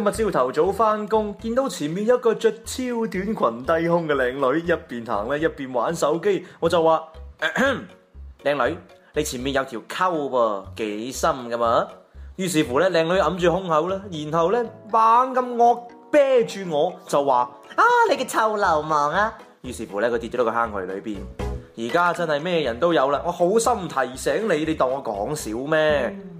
今日朝頭早返工，見到前面一個着超短裙低胸嘅靚女，一邊行咧一邊玩手機，我就話：靚女，你前面有條溝噃，幾深噶嘛？於是乎咧，靚女揞住胸口啦，然後咧猛咁惡啤住我就話：啊，你嘅臭流氓啊！於是乎咧，佢跌咗落個坑渠裏邊。而家真係咩人都有啦，我好心提醒你，你當我講笑咩？嗯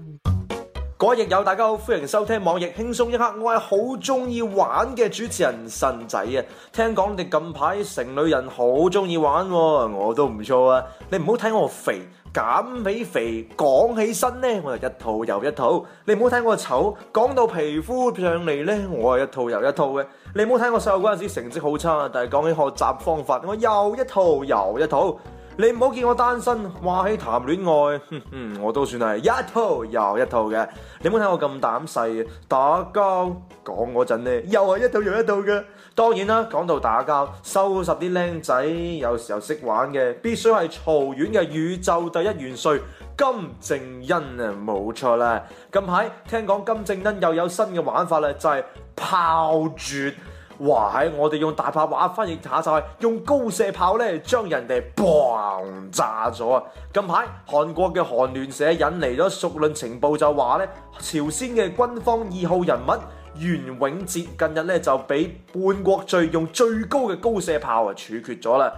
各位易友大家好，歡迎收聽網易輕鬆一刻，我係好中意玩嘅主持人神仔啊！聽講你近排城裏人好中意玩，哦，我都唔錯啊！你唔好睇我肥，減起肥講起身呢，我就一套又一套；你唔好睇我醜，講到皮膚上嚟呢，我係一套又一套嘅。你唔好睇我細個嗰陣時成績好差，但係講起學習方法，我又一套又一套。你唔好見我單身，話起談戀愛，哼哼，我都算係一套又一套嘅。你冇睇我咁膽細啊！打交講嗰陣呢，又係一套又一套嘅。當然啦，講到打交，收拾啲僆仔，有時候識玩嘅，必須係曹縣嘅宇宙第一元帥金正恩啊，冇錯啦。近排聽講金正恩又有新嘅玩法啦，就係、是、炮決。哇！喺我哋用大白話翻譯下就係用高射炮咧，將人哋嘭炸咗啊！近排韓國嘅韓聯社引嚟咗熟論情報就話咧，朝鮮嘅軍方二號人物袁永哲近日咧就俾叛國罪用最高嘅高射炮啊處決咗啦！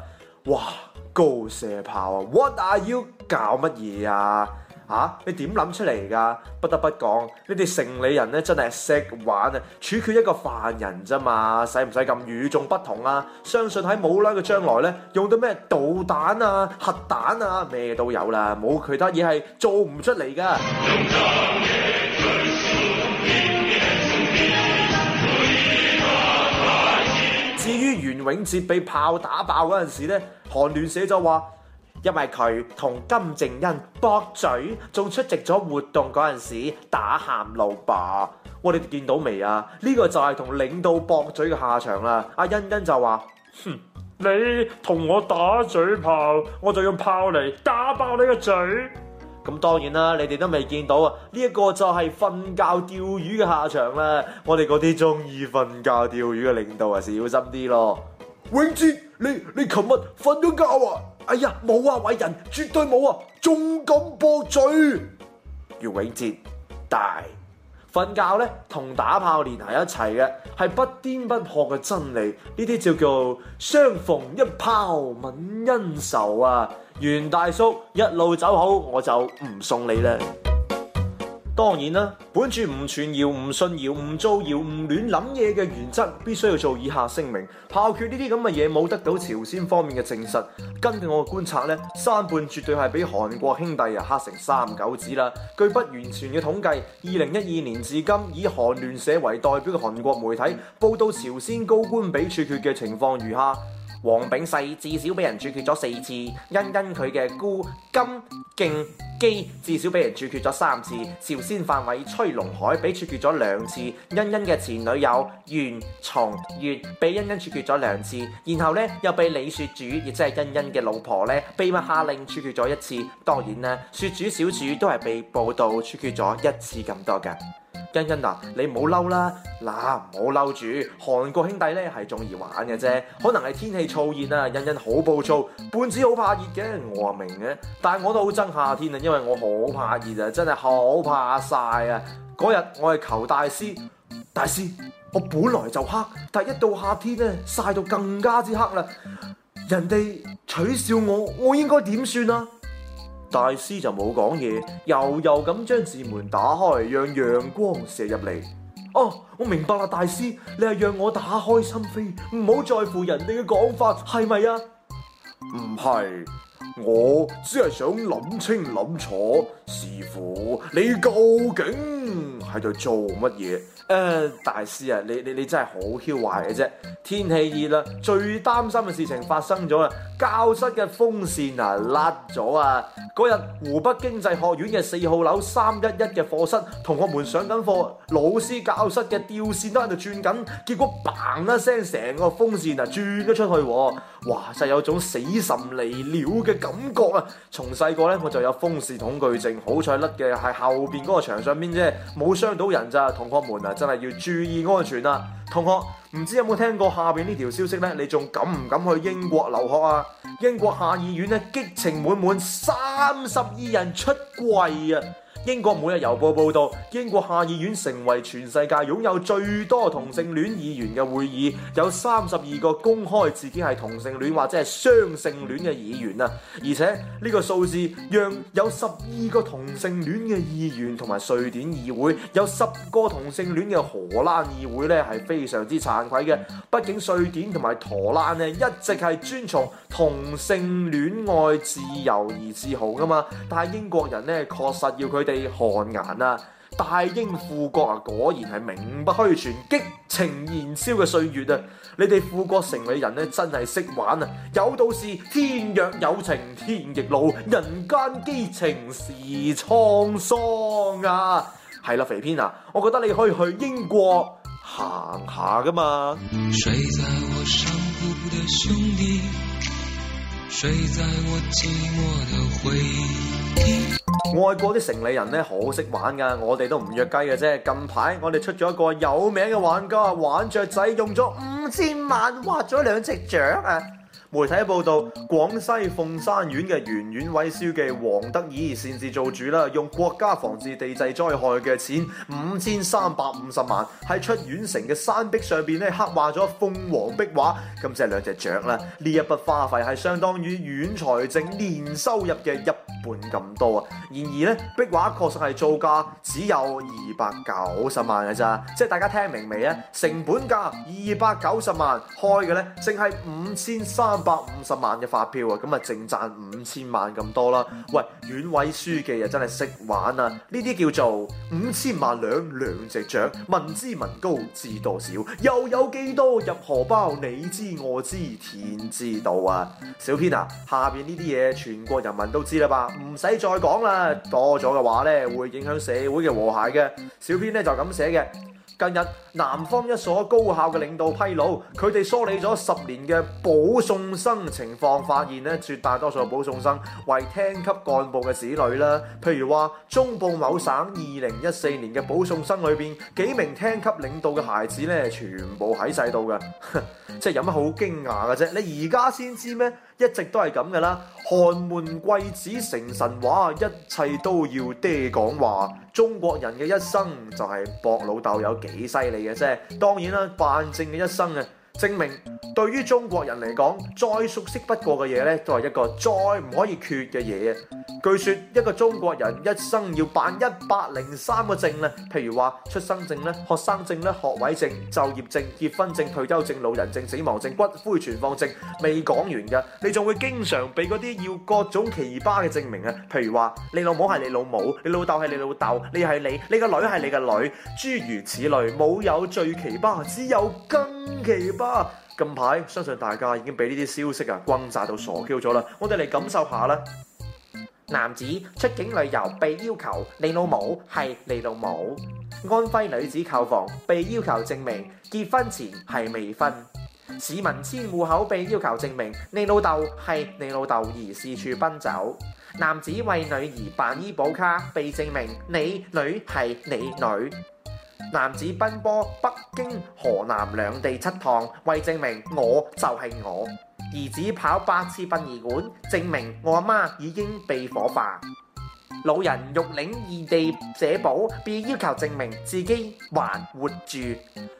哇！高射炮啊，What are you 搞乜嘢啊？嚇、啊！你點諗出嚟㗎？不得不講，呢啲城裏人咧真係識玩啊！處決一個犯人咋嘛？使唔使咁與眾不同啊？相信喺冇啦嘅將來咧，用到咩導彈啊、核彈啊咩都有啦，冇其他嘢係做唔出嚟㗎。用至於袁永哲被炮打爆嗰陣時咧，韓聯社就話。因為佢同金正恩駁嘴，仲出席咗活動嗰陣時打喊露吧。我哋見到未？這個、啊？呢個就係同領導駁嘴嘅下場啦。阿欣欣就話：哼，你同我打嘴炮，我就用炮嚟打爆你個嘴。咁、嗯、當然啦，你哋都未見到啊？呢、這、一個就係瞓覺釣魚嘅下場啦。我哋嗰啲中意瞓覺釣魚嘅領導啊，小心啲咯。永志，你你琴日瞓咗覺啊？哎呀，冇啊，偉人絕對冇啊，仲敢駁嘴。余永哲，大瞓覺呢，同打炮連埋一齊嘅，係不顛不破嘅真理。呢啲就叫相逢一炮，泯恩仇啊！袁大叔一路走好，我就唔送你啦。當然啦，本住唔傳謠、唔信謠、唔造謠、唔亂諗嘢嘅原則，必須要做以下聲明：炮決呢啲咁嘅嘢冇得到朝鮮方面嘅證實。根據我嘅觀察呢，三胖絕對係俾韓國兄弟啊嚇成三九子啦。據不完全嘅統計，二零一二年至今，以韓聯社為代表嘅韓國媒體報道朝鮮高官俾處決嘅情況如下。黃炳誓至少俾人處決咗四次，恩恩佢嘅姑金敬姬至少俾人處決咗三次，朝鮮范偉崔龍海俾處決咗兩次，恩恩嘅前女友袁松月俾恩恩處決咗兩次，然後咧又被李雪主，亦即係恩恩嘅老婆咧秘密下令處決咗一次。當然啦，雪主小主都係被報道處決咗一次咁多噶。欣恩嗱、啊，你唔好嬲啦，嗱唔好嬲住。韓國兄弟咧係鍾意玩嘅啫，可能係天氣燥熱啊，恩恩好暴躁，胖子好怕熱嘅，我明嘅。但係我都好憎夏天啊，因為我好怕熱怕啊，真係好怕晒啊。嗰日我係求大師，大師，我本來就黑，但係一到夏天咧曬到更加之黑啦。人哋取笑我，我應該點算啊？大師就冇講嘢，悠悠咁將字門打開，讓陽光射入嚟。哦，我明白啦，大師，你係讓我打開心扉，唔好在乎人哋嘅講法，係咪啊？唔係，我只係想諗清諗楚，師傅你究竟喺度做乜嘢。誒、呃，大師啊，你你你真係好囂壞嘅啫！天氣熱啦，最擔心嘅事情發生咗啦，教室嘅風扇啊甩咗啊！嗰日湖北經濟學院嘅四號樓三一一嘅課室，同學們上緊課，老師教室嘅吊扇都喺度轉緊，結果砰一聲，成個風扇啊轉咗出去，啊，哇！真、就、係、是、有種死神嚟了嘅感覺啊！從細個呢，我就有風扇恐懼症，好彩甩嘅係後邊嗰個牆上面啫，冇傷到人咋，同學們啊！真係要注意安全啊！同學，唔知有冇聽過下邊呢條消息呢？你仲敢唔敢去英國留學啊？英國下議院呢激情滿滿，三十二人出櫃啊！英國每日郵報報道，英國下議院成為全世界擁有最多同性戀議員嘅會議，有三十二個公開自己係同性戀或者係雙性戀嘅議員啊！而且呢個數字讓有十二個同性戀嘅議員同埋瑞典議會有十個同性戀嘅荷蘭議會呢係非常之慚愧嘅，畢竟瑞典同埋荷蘭呢一直係尊崇同性戀愛自由而自豪噶嘛，但係英國人呢確實要佢哋。汗顏啊，大英富國啊，果然係名不虛傳，激情燃燒嘅歲月啊！你哋富國城裏人呢，真係識玩啊！有道是天若有情天亦老，人間基情是滄桑啊！係啦，肥編啊，我覺得你可以去英國行下噶嘛。睡睡在我上鋪的兄弟睡在我我寂寞的回憶。外國啲城裏人咧，好識玩噶，我哋都唔約雞嘅啫。近排我哋出咗一個有名嘅玩家玩雀仔，用咗五千萬畫咗兩隻雀啊！媒體報道，廣西鳳山縣嘅原縣委書記王德爾擅自做主啦，用國家防治地質災害嘅錢五千三百五十萬喺出縣城嘅山壁上邊咧，刻畫咗鳳凰壁畫，咁即係兩隻雀啦。呢一筆花費係相當於縣財政年收入嘅入半咁多啊！然而呢壁畫確實係造價只有二百九十萬嘅咋，即係大家聽明未啊？成本價二百九十萬開嘅呢淨係五千三百五十萬嘅發票啊！咁啊，淨賺五千萬咁多啦！喂，縣委書記啊，真係識玩啊！呢啲叫做五千萬兩兩隻雀，民脂民膏知多少？又有幾多入荷包？你知我知天知道啊！小編啊，下邊呢啲嘢全國人民都知啦吧？唔使再講啦，多咗嘅話咧會影響社會嘅和諧嘅。小編咧就咁寫嘅。近日南方一所高校嘅領導披露，佢哋梳理咗十年嘅保送生情況，發現咧絕大多數嘅保送生為廳級幹部嘅子女啦。譬如話中部某省二零一四年嘅保送生裏邊，幾名廳級領導嘅孩子咧全部喺晒度噶，即係有乜好驚訝嘅啫？你而家先知咩？一直都係咁噶啦，寒門貴子成神話，一切都要爹講話。中國人嘅一生就係博老豆有幾犀利嘅啫。當然啦，辦證嘅一生啊，證明對於中國人嚟講，再熟悉不過嘅嘢咧，都係一個再唔可以缺嘅嘢。據說一個中國人一生要辦一百零三個證咧，譬如話出生證咧、學生證咧、學位證、就業證、結婚證、退休證、老人證、死亡證、骨灰存放證，未講完噶，你仲會經常俾嗰啲要各種奇葩嘅證明啊，譬如話你老母係你老母，你老豆係你老豆，你係你，你個女係你個女，諸如此類，冇有最奇葩，只有更奇葩。近排相信大家已經俾呢啲消息啊轟炸到傻 Q 咗啦，我哋嚟感受下啦。男子出境旅遊被要求你老母係你老母，安徽女子購房被要求證明結婚前係未婚，市民遷戶口被要求證明你老豆係你老豆，而四處奔走，男子為女兒辦醫保卡被證明你女係你女，男子奔波北京河南兩地七趟為證明我就係我。兒子跑八次殯儀館，證明我阿媽已經被火化。老人欲領異地社保，被要求證明自己還活住。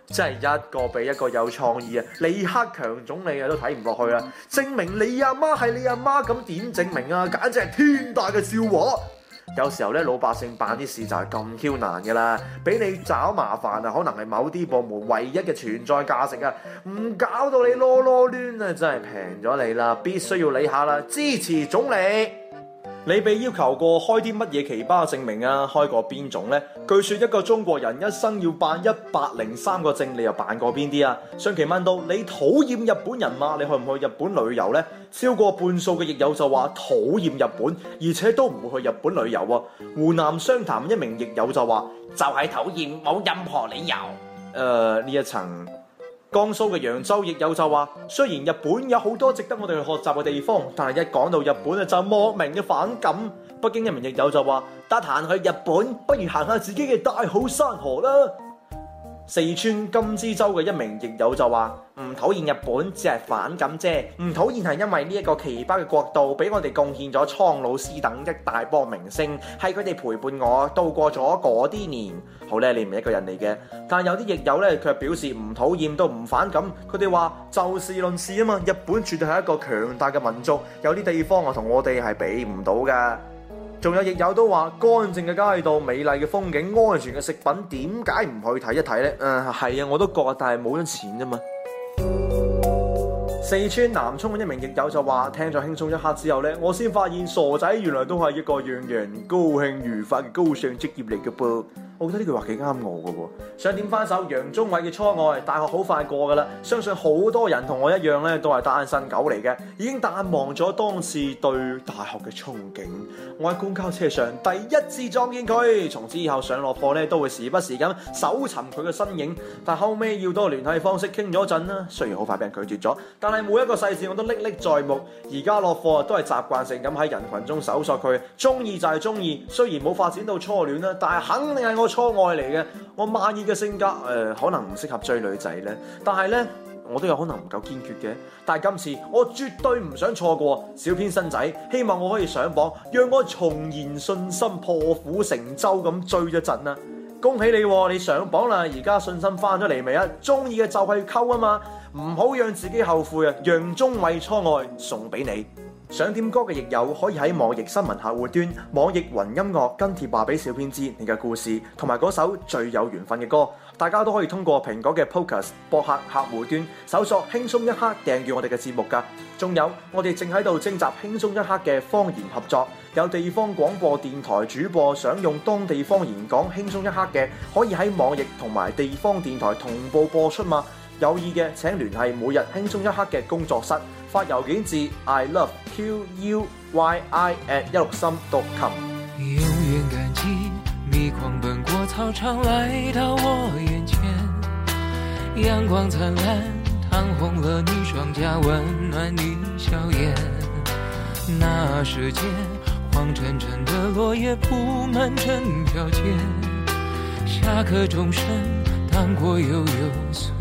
真係一個比一個有創意啊！李克強總理啊都睇唔落去啦！證明你阿媽係你阿媽，咁點證明啊？簡直係天大嘅笑話！有時候老百姓辦啲事就係咁 Q 難嘅啦，俾你找麻煩，可能係某啲部門唯一嘅存在價值啊，唔搞到你囉囉攣啊，真係平咗你啦，必須要理下啦，支持總理。你被要求過開啲乜嘢奇葩證明啊？開過邊種呢？據說一個中國人一生要辦一百零三個證，你又辦過邊啲啊？上期問到你討厭日本人嗎，啊？你去唔去日本旅遊呢？超過半數嘅亦友就話討厭日本，而且都唔會去日本旅遊，啊。湖南湘潭一名亦友就話就係討厭，冇任何理由。誒呢、呃、一層。江蘇嘅揚州亦有就話，雖然日本有好多值得我哋去學習嘅地方，但係一講到日本啊，就莫名嘅反感。北京人民亦有就話，得閒去日本，不如行下自己嘅大好山河啦。四川甘孜州嘅一名亦友就話唔討厭日本，只係反感啫。唔討厭係因為呢一個奇葩嘅國度，俾我哋貢獻咗蒼老師等一大波明星，係佢哋陪伴我度過咗嗰啲年。好咧，你唔係一個人嚟嘅，但有啲亦友咧，卻表示唔討厭都唔反感。佢哋話就是、論事論事啊嘛，日本絕對係一個強大嘅民族，有啲地方、啊、我同我哋係比唔到噶。仲有亦友都話，乾淨嘅街道、美麗嘅風景、安全嘅食品，點解唔去睇一睇呢？嗯、呃，係啊，我都覺得，但係冇咗錢啫嘛。 四川南充一名亦友就話：聽咗輕鬆一刻之後呢，我先發現傻仔原來都係一個讓人高興愉快嘅高尚職業嚟嘅噃。我覺得呢句話幾啱我㗎喎，想點翻首楊宗緯嘅初愛。大學好快過㗎啦，相信好多人同我一樣咧，都係單身狗嚟嘅，已經淡忘咗當時對大學嘅憧憬。我喺公交車上第一次撞見佢，從此以後上落課咧都會時不時咁搜尋佢嘅身影。但後尾要多聯繫方式傾咗陣啦，雖然好快俾人拒絕咗，但係每一個細節我都歷歷在目。而家落課都係習慣性咁喺人群中搜索佢。中意就係中意，雖然冇發展到初戀啦，但係肯定係我初愛嚟嘅，我慢熱嘅性格，誒、呃、可能唔適合追女仔咧。但係咧，我都有可能唔夠堅決嘅。但係今次，我絕對唔想錯過小偏身仔。希望我可以上榜，讓我重燃信心，破釜沉舟咁追咗陣啊！恭喜你，啊，你上榜啦！而家信心翻咗嚟未啊？中意嘅就係溝啊嘛！唔好讓自己後悔啊！楊宗緯初愛送俾你，想點歌嘅亦友可以喺網易新聞客戶端、網易雲音樂跟帖話俾小編知你嘅故事同埋嗰首最有緣分嘅歌。大家都可以通過蘋果嘅 Podcast 播客客戶端搜索輕鬆一刻訂閱我哋嘅節目。㗎，仲有我哋正喺度徵集輕鬆一刻嘅方言合作，有地方廣播電台主播想用當地方言講輕鬆一刻嘅，可以喺網易同埋地方電台同步播出嘛？有意嘅請聯繫每日輕鬆一刻嘅工作室，發郵件至 i love q u y i at 一六三 .com。永遠感激，你狂奔過操場來到我眼前。陽光燦爛，燙紅了你雙頰，溫暖你笑顏。那時間，黃澄澄的落葉鋪滿整條街，下課鐘聲蕩過悠悠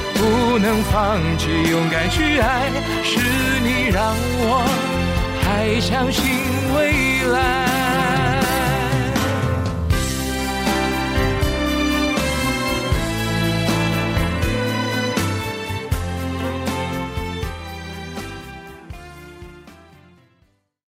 不能放棄，勇敢去愛，是你讓我還相信未來。